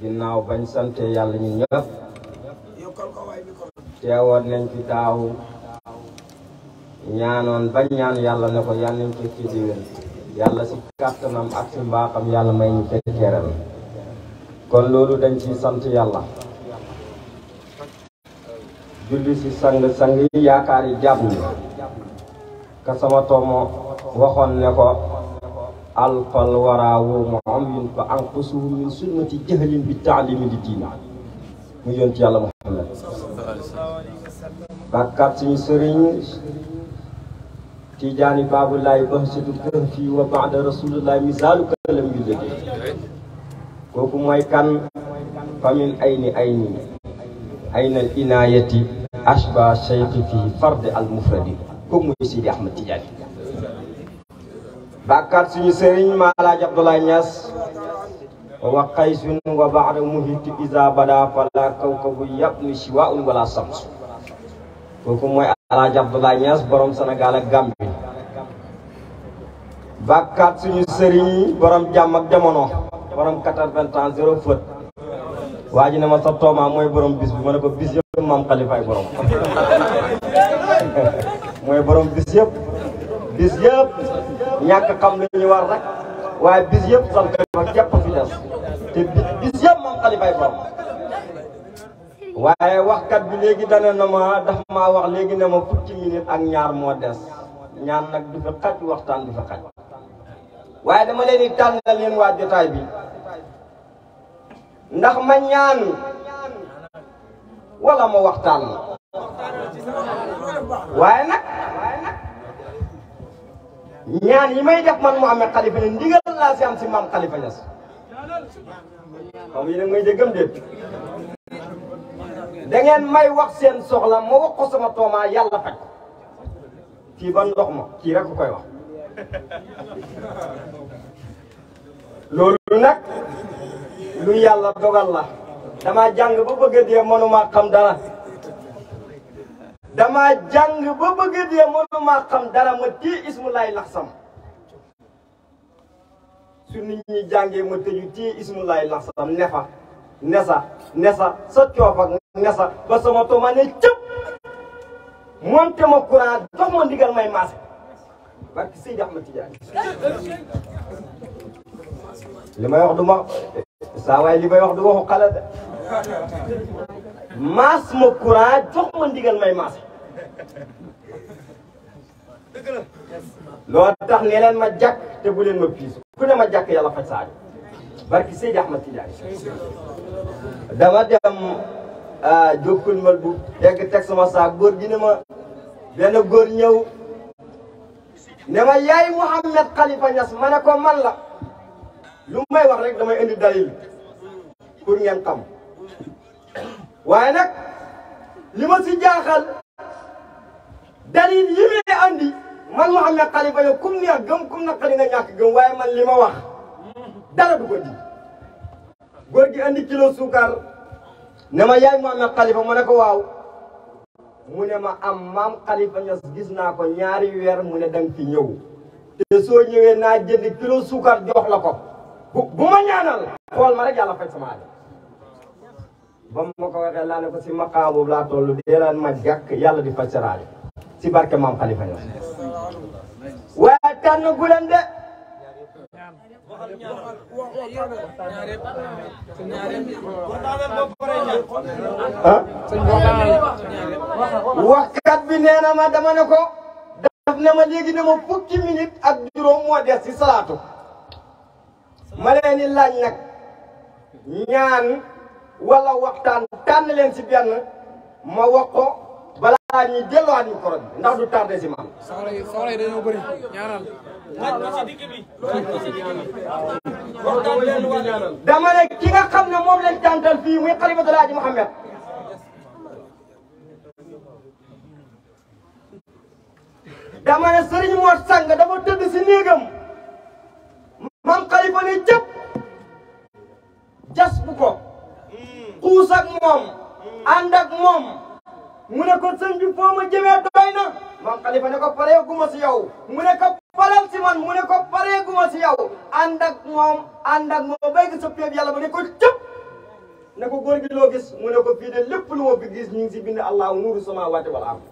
ginnaw bañ sante yàlla ñun ñëpp téwon nañ ci taw ñaanon bañ ñaan yalla ne ko yàlla nañ ci wër yalla ci kàttanam ak ci mbaxam yalla may ñu ci téral kon lolu dañ ci sant yalla julli ci sang-sang yi yaakaari yi ka sama tomo waxon ne ko alfal waraa woomu am yun fa anfusuhu min sunnati jahlin bi taalimi li diina mu yonti yàlla muhammad bàkkaat suñu sëriñ tijaani baabulaay bahsatu kër fii wa baada rasulullah misaalu kalam yu lëg kooku mooy kan famin ayni ayni ayna al inaayati ashba cheikh fi fard al mufradi kooku mooy sidi ahmad tijaani bàkkaat suñu sëriñ ma alaaj Abdoulaye Niass wa qaysun wa ba'da muhit iza bada fala kawkabu yabni siwaun wala samsu kooku mooy alaaj Abdoulaye borom Sénégal ak Gambie bàkkaat suñu sëriñ borom jàmm ak borom quatre-vingts ans fët waa ji ne ma sa tooma mooy borom bis bi ma ko bis yëpp maam xalifaay borom mooy borom bis yëpp bis yëpp ñàkk xam li ñu war rek waaye bis yëpp sam xalifa képp fi des te bis waaye waxkat bi léegi dana na ma daf maa wax léegi ne ma fukki minute ak ñaar moo des ñaan nag du fi xaj waxtaan du fi waaye dama leen di tànnal leen waa jotaay bi ndax ma ñaan wala ma waxtaan waaye nag ñaan yi may def man Mouhamed Khalifa ne ndigal laa si am si maam Khalifa Niass xam yéen may déggam déet da ngeen may wax seen soxla ma wax ko sama toomaa yàlla faj kii ba ndox ma kii rek koy wax loolu nag lu yàlla dogal la dama jàng ba bëgg a dee mënuma xam dara dama jàng ba bëgg dee mënuma xam dara ma téye ismu laay laxsam su nit ñi jàngee ma tëju téye ismu laay laxsam nefa nesa nesa sa coof ak nesa ba sama toma ne cëpp monte ma courant dox ma may maase barki Seydi Ahmad Tidiane li may wax du ma saa waay li may wax du maas ma courage jox ma ndigal may maas loolu tax ne leen ma jàkk te bu ma piisu ku ne ma jàkk yàlla faj saaj barki Seydi Ahmad Tidiane dama dem euh, jokkul mal bu dégg teg sama saa góor gi ne ma benn góor ñëw ne ma yaay Mouhamed Khalifa Niass ma ne ko man la lu may wax rek damay indi dalil pour ngeen xam waaye nag li ma si jaaxal dalil yi muy andi man Mouhamed Khalifa yow kum neex gëm kum naqari nga ñàkk gëm waaye man li ma wax dara du ko di gi andi kilo suukar ne ma yaay Mouhamed Khalifa ma ne ko waaw mu ne ma am maam Khalifa Niass gis naa ko ñaari weer mu ne danga fi ñëw te soo ñëwee naa jënd kilo suukar jox la ko bu ma ñaanal xool ma rek yàlla faj sama aajo bam ma ko waxee laa ne ko ci maqamu la tollu toll deelaan ma jàkk yalla di faccaraale ci barke mam khalifa ñoom wa tan gulen de waxkat bi nee na ma dama ne ko daf ne ma léegi ne ma fukki minute ak juróom mo def ci salatu maleni leen di laaj nag ñaan wala waxtaan tànn leen si benn ma wax balaa ñuy delluwaat ñu koro bi ndax du tardé si maam. soxla yi soxla yi dañoo bëri ñaanal. dama ne ki nga xam ne moom lañ tàntal fii muy xalifatul Haaji Muhammad dama ne Serigne Mor Sang dafa tëdd si néegam man xalifa ne moom ànd ak moom mu ne ko sëñ bi foo ma jëmee doy na maam xalifa ne ko paree guma si yow mu ne ko palal si man mu ne ko paree guma si yow ànd ak moom ànd ak moom bay gi soppeeb yàlla ba ne ko cëpp ne ko góor gi loo gis mu ko fii de lépp lu ma fi gis ñu ngi si bind allahu nuuru samaawaati wal ard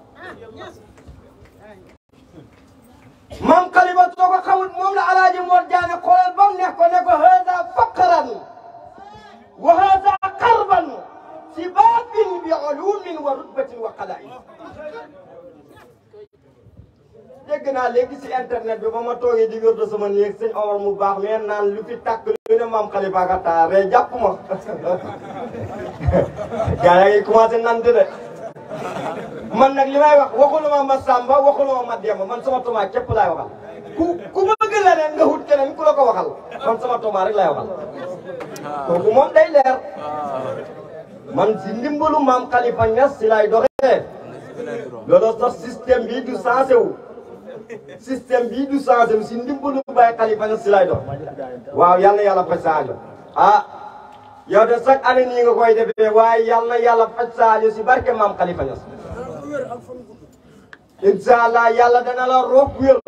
maam xalifa soo ko xamul moom la alaaji moor jaane xoolal bam neex ko ne ko haza faqran wa haza سباق بعلوم ورتبة وقلائل dégg naa léegi ci internet bi ba ma toogee di wér de sama néeg sëñ Omar mu baax mais naan lu fi tàkk lu ne maam Khalifa ka taaree jàpp ma gaa yaa ngi commencé nante de man nag li may wax waxuluma ma Samba waxuluma ma Demba man sama toma képp laay waxal ku ku bëgg leneen nga wut keneen ku la waxal man sama toma rek laay waxal kooku moom day leer man si ndimbalu maam Khalifa Niass si lay doxee looloo tax bi du changé wu système du changé si ndimbalu Baye Khalifa Niass si dox waaw yal na yàlla faj ah, de chaque année nii yal na yàlla faj sa aajo si barke maam Khalifa Niass incha allah yàlla dana la roog wér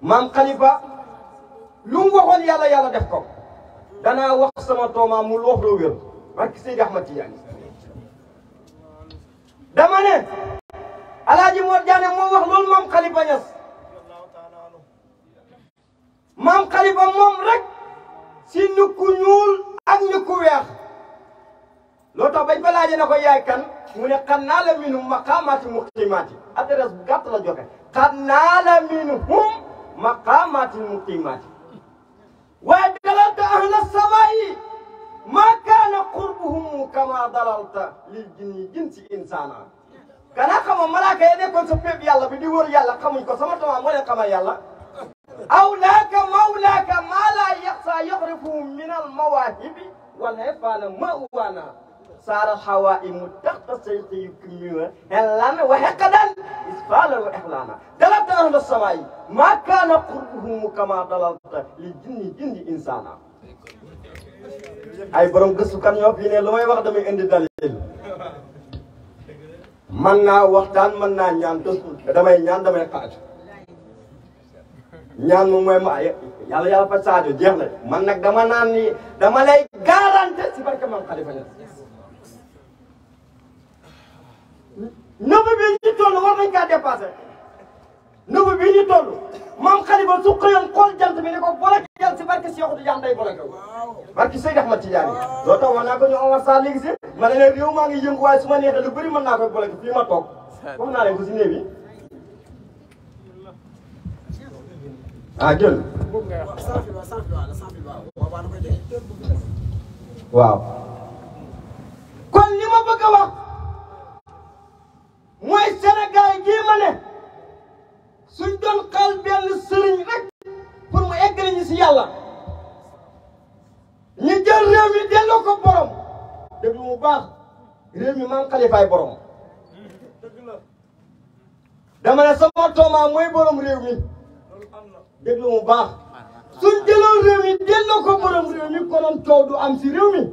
maam Khalifa lu mu waxoon yàlla yàlla def ko danaa wax sama tooma mu loox la barke Seydi Ahmad Tidiane dama ne alaaji Mor Diané moo wax loolu maam Khalifa Niass maam Khalifa moom rek si ñu ku ak ñu ku weex loo tax bañ fa laajee na ko yaay kan mu ne xan naa la minhum maqaamaati muqimaati adresse bu la joxe xan naa la minhum maqaamaati muqimaati waaye dalal ta ahla samaa'i ما كان قربهم كما ضللت للجن جنس إنسانا كان كما ملاك يدي كنت بيب يلا بدي ور يلا كما يكون سمعت ما مولا كما يلا أولاك مولاك ما لا يقصى يغرف من المواهب ولا يفعل والعفال مأوانا صار الحوائم تختص يكميوها هلانا وهكذا إسفالا وإحلانا دلت أهل السماء ما كان قربهم كما ضللت للجن جن إنسانا ay borom kan ñoo fi ne lu may wax dama indi dalil man na waxtaan man na ñaan gëstu damay ñaan damay xaat ñaan mo mooy ma yalla yalla fa saaju jeex la man nak dama naan ni dama lay garantie ci barke maam Khalifa Niass nëbb bi ñu toll war nañ ka dépasser nëbb bi ñu toll maam Khalifa su xëyoon xol jant bi ne ko boole Cheikh Tidiane day bloqué wu barki Seydi Ahmad Tidiane loo tax wax naa ko ñu Omar Sall léegi si ma ne leen réew maa ngi yëngu waaye su ma neexee lu bëri mën naa koy bloqué fii ma toog wax naa leen ko si néew ah, yi ne rek pour mu eggali ñu si yàlla ñu jël réew mi delloo ko borom dëgg mu baax réew mi maam xalifaay borom dama ne sama toomaa mooy borom réew mi dëgg mu baax suñ jëloon réew mi delloo ko borom réew mi konoon coow du am si réew mi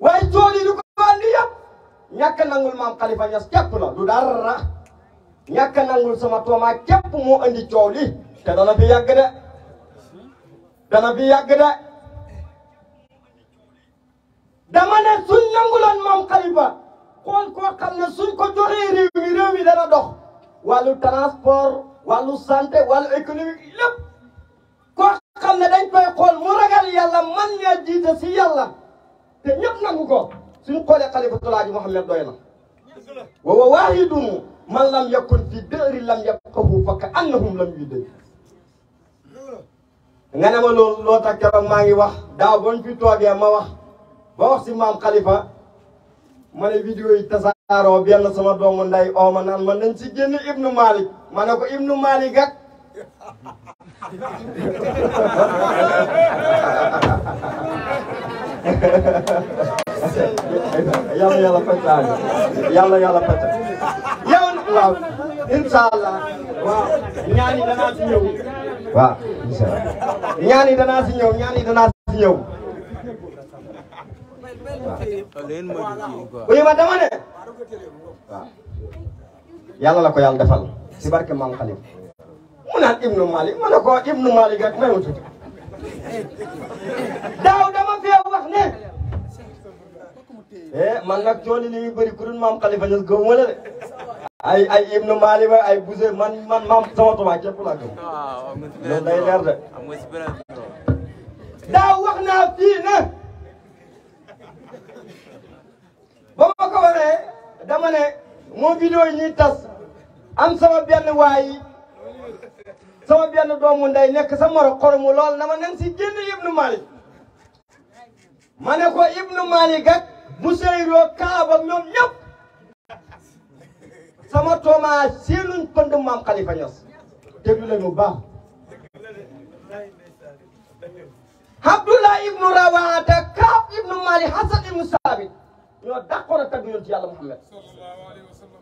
waaye coow li lu ko andi yëpp ñàkk nangul maam xalifa ñas képp la du dara ñàkk nangul sama toomaa képp moo andi coow li te dana fi yàgg de dana fi yàgg de dama ne suñ nanguloon moom Khalifa xool koo xam ne suñ ko joxee réew mi réew mi dana dox wàllu transport wàllu santé wàllu économique lépp koo xam ne dañ koy mu ragal yàlla man ñee si yàlla te ñëpp nangu ko suñ xoolee Khalifatul Haaji Mouhamed doy na wa wa waahidun man lam yakun fi dëri lam yafqahu fa ka annahum lam yude nga ne ma loolu loo tax keroog maa ngi wax daaw bañ ba wax si Khalifa mané vidéo yi tassaro ben sama doomu nday ooma nan man nañ mana génn Ibnu Malik ma ko Ibnu Malik ak yalla yalla pàccaay yalla yalla pàccaay yow waaw inshallah waaw ñaan dana ci ñew waaw inshallah allah dana ci ñew si dana ci ñew uyu ma dama ne waaw la ko yàlla defal si barke maam xalif mu naan ibnu malik ma ne ko ibnu malik rek may ma tuuti daaw dama fee wax ne eh man nag jooni li bëri ku dul maam xalifa ñas gëm wala de ay ibnu malik ba ay buse man man maam sama tubaab képp laa gëm ah, leer de daaw wax naa fii ne ba ma ko waree dama ne moo vidéo yi ñuy tas am sama benn waay sama benn doomu ndey nekk sa moro xoromu lool dama nen si génn Ibnu Malik ma ne ko Ibnu Malik ak Busayro Kaab ak ñoom ñëpp sama tooma seenuñ pënd maam Khalifa Niass déglu leen bu baax Abdullah ibnu Rawaata Kaab ibnu ñoo dàqoon a tagg yonent yàlla Muhammad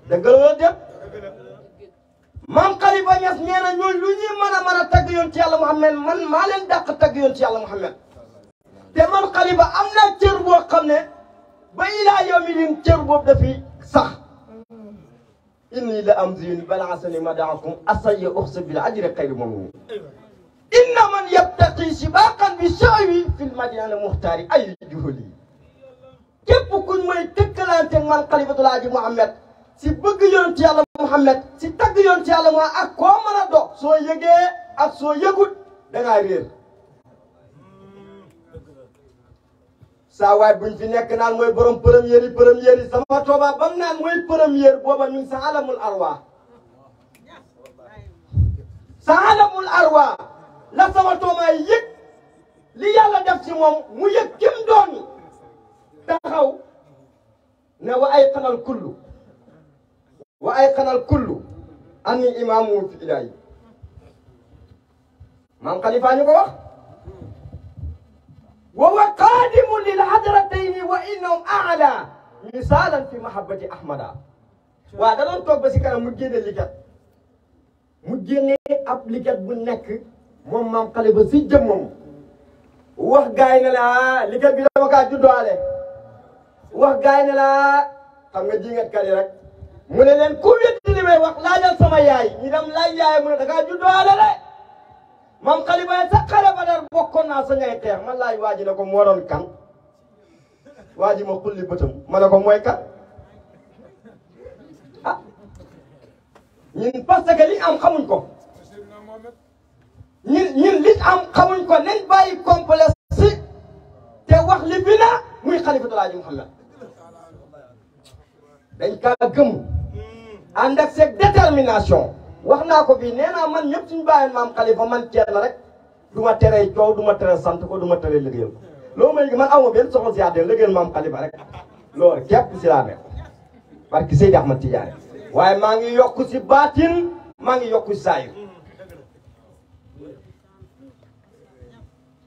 dëgg la wala déet maam Khalifa Niass nee na ñooñu lu ñuy mën a mën a tagg yonent yàlla Muhammad man maa leen dàq tagg yonent yàlla Muhammad te man Khalifa am naa cër boo xam ne ba ilaa yawmi din cër boobu dafi sax inni la am zin balaasani madaakum asaya uxsa bil ajri xayri mamun inna man yabtaqi sibaqan bi shawi fi lmadinati muxtaari ay juhali képp kuñ may tëkkalanteeg man xalifatul aji Muhammad si bëgg yonent yàlla Muhammad si tagg yonent yàlla mu ak koo mën soo yëgee ak soo yëgut dangaa réer saa waay buñ fi nekk naan mooy borom première yi première yi sama tooba bam naan mooy première booba ñu ngi sa alamul arwa sa alamul arwa la sama tooba yëg li yàlla def ci moom mu yëg kim doon تخاو نا وايقن الكل وايقن الكل اني امام في الهي مام خليفه نيكو واخ وهو قادم للحضرتين وانهم اعلى مثالا في محبه احمد وهذا لن توك بس كان مجين اللي جات مجين اب لي جات بو نيك مام خليفه سي جيم مام واخ غاينا لا لي جات بي دا ما كا جودو عليه wax gaay ne laa xam nga jingat kat yi rek mu ne leen ku wéddi li wax laajal sama yaay ñi dem laaj yaay mu ne da ngaa juddoole de mam xali baye sax xare dar bokkoon naa sa ñay teex man laaj waa ji ne ko moo doon kan waa ji ma xulli bëtam ma ne ko mooy kan ah ñun parce li am xamuñ ko ñun ñun li am xamuñ ko nañ bàyyi complexe te wax li bi na muy xalifatul Aji Muhammad dañ kaa gëm ànd ak seen détermination wax naa ko fii nee naa man ñëpp suñu bàyyi maam Khalifa man kenn rek du ma teree coow du ma teree sant ko du ma teree liggéeyal ko loolu mooy man amoo benn soxla si àddina liggéeyal maam Khalifa rek loolu képp si laa nekk parce que Seydi Ahmad Tidiane waaye maa ngi yokk si baatin maa ngi yokk si saayir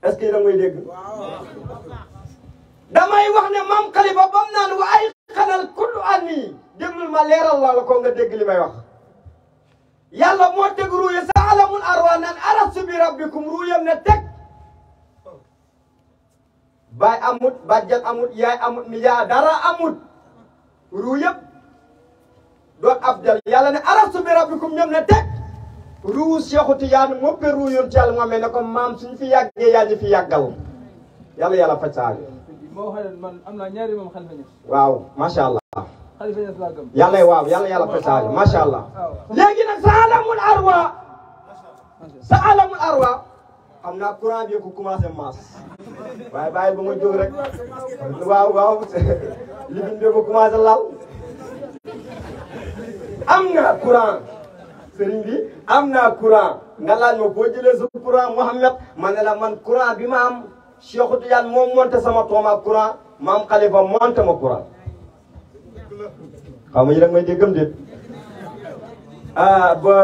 est-ce que da ngay dégg damay wax ne maam Khalifa bam naan wa xanal kullu anni déglul ma leeral la ko nga dégg li may wax yàlla moo teg ruuya sa alamul arwa nan arastu bi rabbikum ruuyam ne teg baay amut bàjjan amut yaay amut ni yaa dara amut ruu yëpp doon abdal yàlla ne arastu bi rabbikum ñoom ne teg ruu Seexu Tijaan moppe ruu yoon ci yàlla ne ko maam suñu fi yàggee yaa fi yàggal yàlla yàlla faj saa moo wax am naa ñaari moom xalifa ñes waaw macha allah xalifa ñes laa gëm yàlla sa alamul arwa sa alamul arwa am na courant bi ko commencé maas waaye bàyyi ba ma jóg rek waaw waaw li bi ko commencé laal am naa courant sëriñ bi am naa courant nga laaj ma boo jëlee sa courant Mouhamed ma ne man courant bi ma Cheikh Tidiane moo monté sama tooma courant maam Khalifa monté ma courant xaw ma ñu rek may déggam déet ah ba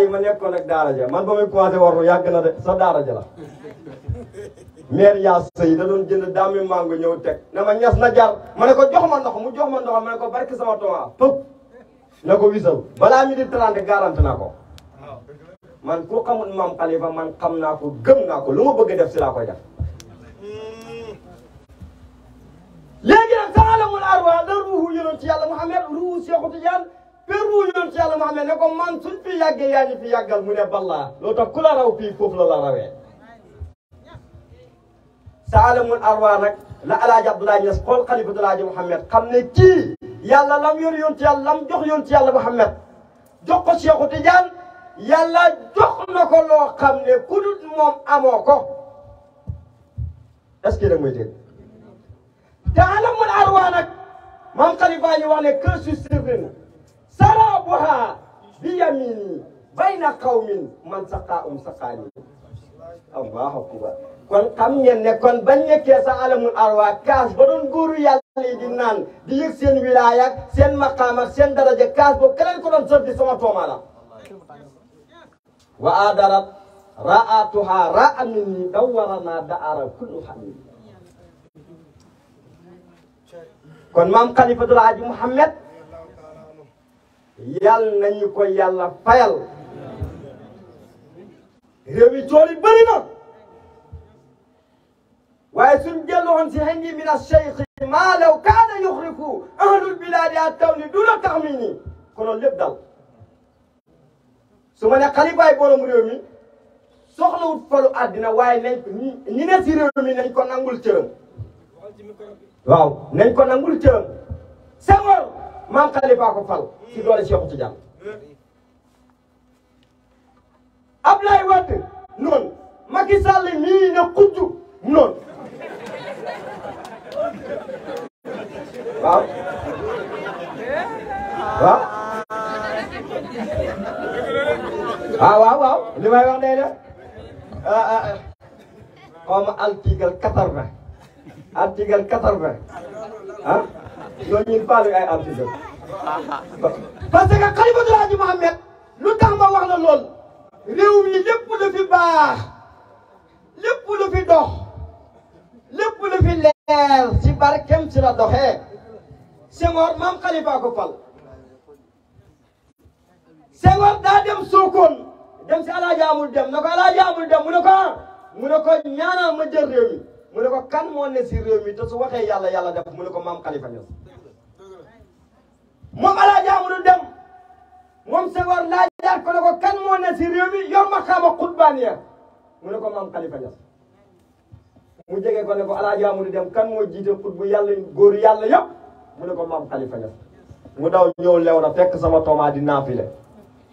yi ma nekkoon ak daara ja man ba muy commencé yàgg na de sa daara ja la maire yaa sëy da doon ñëw teg na ma ñas na jar ma ne ko jox ma ndox mu jox ma ndox ma ne ko barki sama tooma pëp na ko wisal balaa mi di trente garanti naa ko man ku xamul maam Khalifa man xam naa ko gëm naa ko lu ma bëgg def si laa koy def léegi nag saalamul arwa la ruuxu yonent yàlla Muhammad ruuxu Seexu Tijaan bi ruuxu yonent yàlla Muhammad ne ko man suñ fi yàggee yaa ñu fi yàggal mu ne ballaa loo tax ku la raw fii foofu la la rawee saalamul arwa nag la alaaji Abdoulaye Niass xool xalifatul alaaji Muhammad xam ne kii yàlla lam yor yonent yàlla lam jox yonent yàlla Muhammad jox ko Seexu Tijaan yàlla jox na ko loo xam ne ku dul moom amoo ko est-ce que da mooy dégg te wan arwa nag maam xalifa ñu wax ne kër bi yamini bayna qawmin man saqa um saqaani allahu akbar kon xam ngeen ne kon bañ nekkee sa alamul arwa kaas ba doon góoru yàlla yi di naan seen wilaaya ak seen maqaam ak seen daraja kaas boobu keneen ko doon sotti sama tooma wa adarat ra'atuha ra'a minni dawara naa kullu hamid kon maam xalifatul aaji Muhammad yal nañu ko yàlla fayal réew mi coono yi bëri na waaye suñ delloon si hangi min ash-shaykh maa law kaana yuxrifu ahlul bilaadi at-tawni duna taxmini konoon lépp dal su ma ne xalifaay borom réew mi soxlawut falu àddina waaye nañ ko ñi ne si réew mi nañ ko nangul cëram waaw nañ ko nangul cëram Senghor maam Khalifa ko fal ci doole Cheikh Tidiane Ablaye Wade noonu Macky Sall mii na kujj noonu waaw waaw waaw ah, waaw waaw li may wax day na xaw ah, ah, ma altigal 80 article quatre-vingt ah ñooñu ñu faalu ay article parce que xalifatul Haaji Mohamed lu tax ma wax la lool réew mi lépp lu fi baax lépp lu fi dox lépp lu fi leer ci barkem ci la doxee Senghor maam Khalifa ko fal Senghor daa dem Sokone dem si alaaji amul dem na ko alaaji amul dem mu ne ko mu ne ko ñaanal ma jël réew mu ne ko kan moo ne si réew mi te su waxee yàlla yàlla def mu ne ko maam Khalifa Niass moom alaaji moom Senghor laajaat ko ne ko kan moo ne mu ne ko maam Khalifa Niass mu jege ko ne ko alaaji Amadou Dem kan moo jiite xutbu yàlla góor yàlla yëpp mu ne ko maam Khalifa Niass mu daw ñëw lew na fekk sama tooma di naafile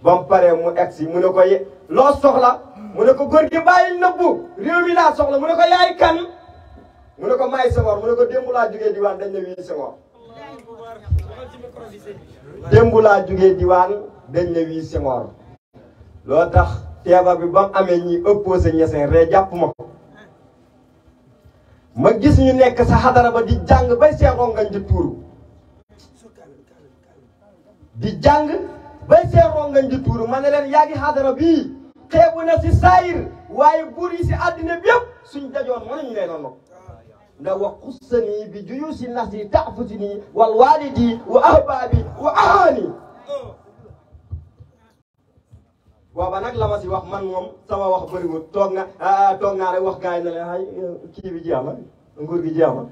ba paree mu egsi mu ne loo soxla mu ne ko góor nëbbu réew laa soxla mu ne ko kan mu ne ko maay Senghor mu ne ko démb laa jugee diwaan dañ ne wii Senghor démb laa jugee diwaan dañ ne wii loo tax feebar bi ba amee ñi opposé ñeseen ree jàpp ma ko ma gis ñu nekk sa xadara ba di jàng bay seexoo ngañ di tuuru di jàng bay seexoo ngañ di tuuru ma ne leen yaa ngi xadara bii xeebu na si saayir waaye buur si àddina bi yëpp suñ dajoon mënuñu leen a nokk وقصني بجيوس النهر تعفتني والوالدي وأحبابي وأهاني waaw nag la ma si wax man moom sama wax bëriwul toog na ah toog naa rek wax gars yi ne leen ay kii bi jeex na nguur gi jeex na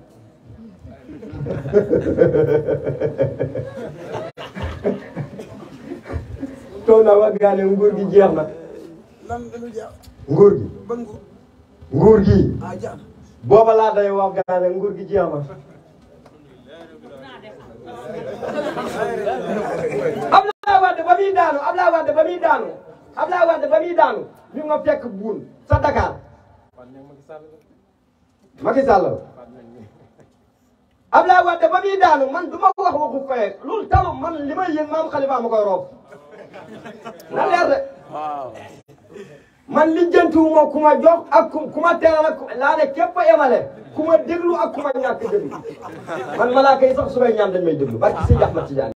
toog naa wax gars yi ne nguur gi jeex na. lan la lu jeex. nguur gi. nguur gi. boba la day wa gaane nguur gi jeexal Abdoulaye Wade ba muy daanu Abdoulaye Wade ba muy daanu Abdoulaye Wade ba muy daanu ñu nga fekk buun sa Dakar Macky Sall Abdoulaye Wade ba muy daanu man duma ko wax waxu koye lool talu man limay yeen mam Khalifa mako koy na leer de man lijjantiwu ma ku ma jox ak ku ma teral ak laa ne képp a yemale ku ma déglu ak ku ma ñàkk déglu man malaaka yi sax su may ñaan may déglu barki si Ahmad Tidiane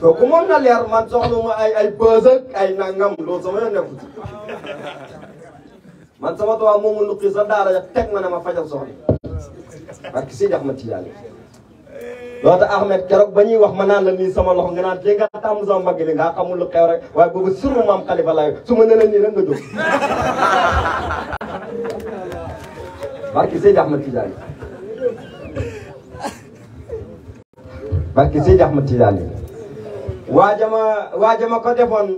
kooku moom na leer man soxlu ay ay bës ak ay nangam loolu sama yoon nekku ci man sama tubaab moomu nuqi sa daara ja teg ma ma fajal soxla barki si Ahmad Tidiane loolu tax keroog ba ñuy wax ma naan la nii sama loxo nga naan dégg nga tàmm sama mbagg li nga xamul lu xew waaye boobu suru maam Khalifa laay su ma nee la nii rek nga jóg. barki Seydi Ahmed Tidiane. barki Seydi Ahmed Tidiane. waajama waajama ko defoon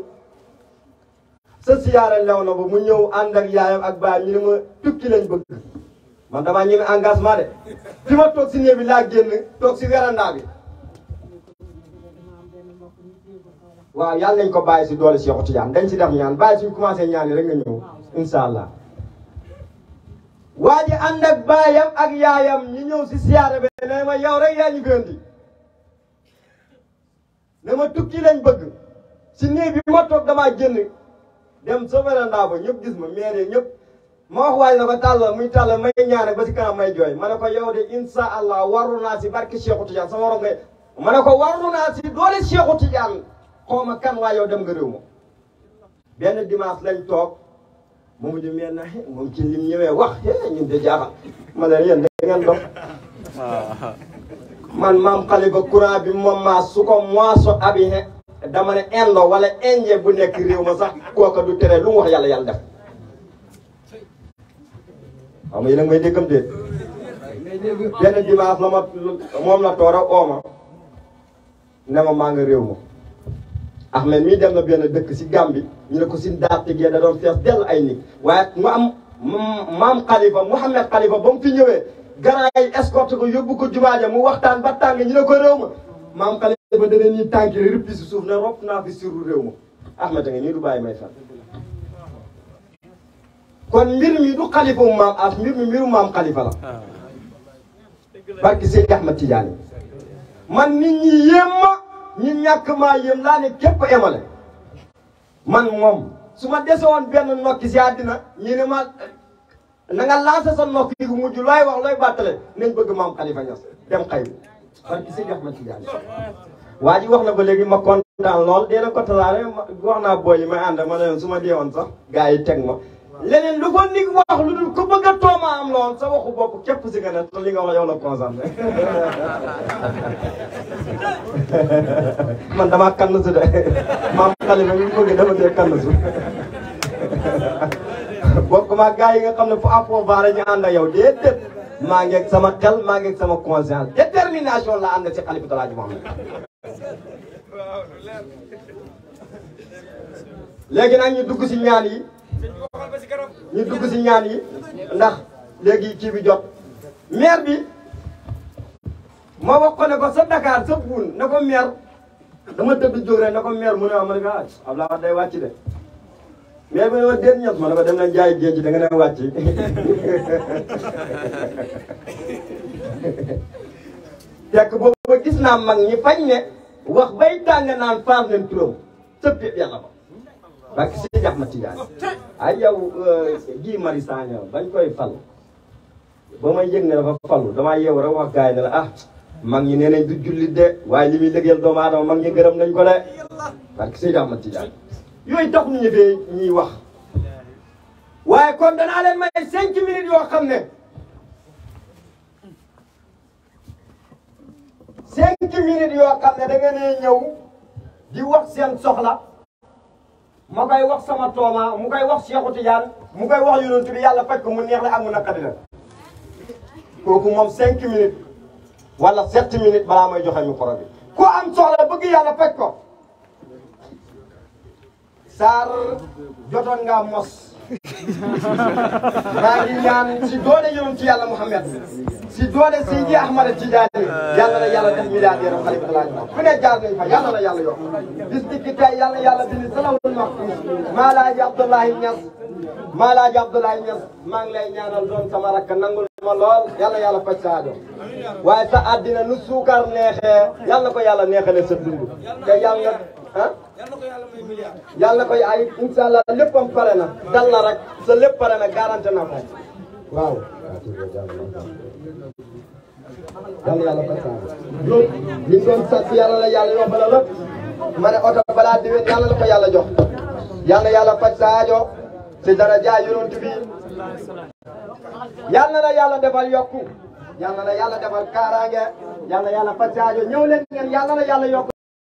sa siyaare lew na ba mu ñëw ànd ak yaayam ak baay ñu ne ma tukki lañ man damaa ñeme engagement de fi ma toog si néeg bi laa génn toog si veranda bi waaw yàlla nañ ko bàyyi si doole Cheikh Tidiane dañ si def ñaan bàyyi suñ commencé ñaan rek nga ñëw incha allah waa ji ànd ak baayam ak yaayam ñu ñëw si siyaare bi ne ma yow rek yaa ñu gëndi ne ma tukki lañ bëgg si néeg bi ma toog damaa génn dem sa veranda ba ñëpp gis ma meeree ñëpp ma wax waaj na ko tàllal muy tàllal may ñaan ba si kanam may jooy ma ne ko yow de insha allah waru naa si barke Cheikhou Tidiane sama morom ngay ma ko waru naa si doole Cheikhou Tidiane xaw ma kan waa yow dem nga réew ma benn dimanche lañ toog mu mujj mel na moom ci lim ñëwee wax eh, ñun de jaaxal ma leen da man maam xalifa courant bi moom maa su ko moiso abi dama ne indo wala indien bu nekk réew ma sax kooka du tere lu mu wax yàlla yàlla def xam nga na a ngi may déggam déet benn dimanche la ma moom la toora ooma ne ma maa nga réew ma Ahmed mii dem na benn dëkk si Gàmbi ñu ne ko si daate gee da doon fees dell ay nit waaye mu am maam Khalifa Mouhamed Khalifa ba mu fi ñëwee garaay escorte ko yóbbu ko jumaaja mu waxtaan ba tàng ñu ne ko réew ma maam Khalifa danee ñuy tànki rippi si suuf ne ropp naa fi siru réew ma Ahmed a nga nii du may fan kon mbir mi du xalifa mu maam as mbir mi mbiru maam xalifa la barki Seydi Ahmad Tidiane man nit ñi yéem ma ñi ñàkk maa yéem laa ne képp emale man moom su ma desewoon benn nokki si àddina ñu ne ma na nga lancé sa nokk yi mujj looy wax looy bàttale nañ bëgg maam xalifa ñas dem xay barki Seydi Ahmad Tidiane waa ji wax na ba léegi ma kontaan lool dee na ko talaale wax naa booy yi may ma ne leen su ma dee woon sax gars yi teg ma leneen lu ko nit wax lu dul ku bëgg a am lool sa waxu bopp képp si gën a li nga wax yow la concerné man dama kann su de maam xalifa mi bëgg dama dee kann su bokk maa gars nga xam ne fu approvare ñu ànd ak yow déedéet maa ngi ak sama xel maa ngi sama conscience détermination la ànd si xalifa Alaaji Muhammad léegi nag ñu dugg si ñaan yi ñu dugg si ñaan yi ndax léegi kii bi jot maire bi ma wax ko ne ko sa Dakar sa buun ne ko maire dama tëdd jóg rek ne ko maire mu ne ma ne ko ah, Abdoulaye day de maire bi ne ma déet ñett ma ne ko dem jaay géej gi da nga ne wàcc fekk boobu gis naa mag ñi fañ ne wax bay tàng naan faam leen turam sëppi yàlla ba bàkk si jax ma Tijaan ay yow euh, Guy bañ koy fal ba may yëg ne dafa falu damaa yeew rek wax gars yi ne la ah mag ñi nee nañ du jullit de waaye li muy liggéeyal doomu mag ñi gërëm nañ ko de bàkk si jax ma Tijaan yooyu tax ñu fee ñuy wax waaye kon danaa leen may yoo xam ne cinq minutes yoo xam ne da ngeen di wax seen soxla ma koy wax sama tooma mu koy wax Seexu Tijaan mu koy wax yonent bi yàlla faj ko mu neex la ak mu naqari la kooku moom cinq minutes wala sept minutes balaa may joxe micro bi ku am soxla bëgg yàlla faj ko Sarr jotoon ngaa mos maa ngi ñaan ci doole yonent yàlla Muhammad si doole Seydi Ahmada Tijaani yàlla na yàlla def milliardaire am xalifa laaj ma ku ne jaar nañ fa yàlla na yàlla yokk bis ni ki tey yàlla yàlla bind salawul mahfuus Maalaaji Abdoulahi Niass Maalaaji Abdoulahi Niass maa ngi lay ñaanal doon sama rakk nangul ma lool yàlla yàlla faj sa aajo waaye sa àddina nu suukar neexee yàlla ko yàlla neexale sa dund te yàlla ah yàlla ko ay incha allah léppam pare na dal na rek sa lépp pare na garanti na ko waaw yàlla yàlla faytaal loolu li ñu doon sas yàlla la yàlla yombalal ma ne oto balaa déwén yàlla la ko yàlla jox yàlla yàlla faj sa aajo ci yàlla la yàlla defal yokku yàlla la yàlla defal kaaraange yàlla yàlla faj sa aajo ñëw leen ngeen yàlla la yàlla yokku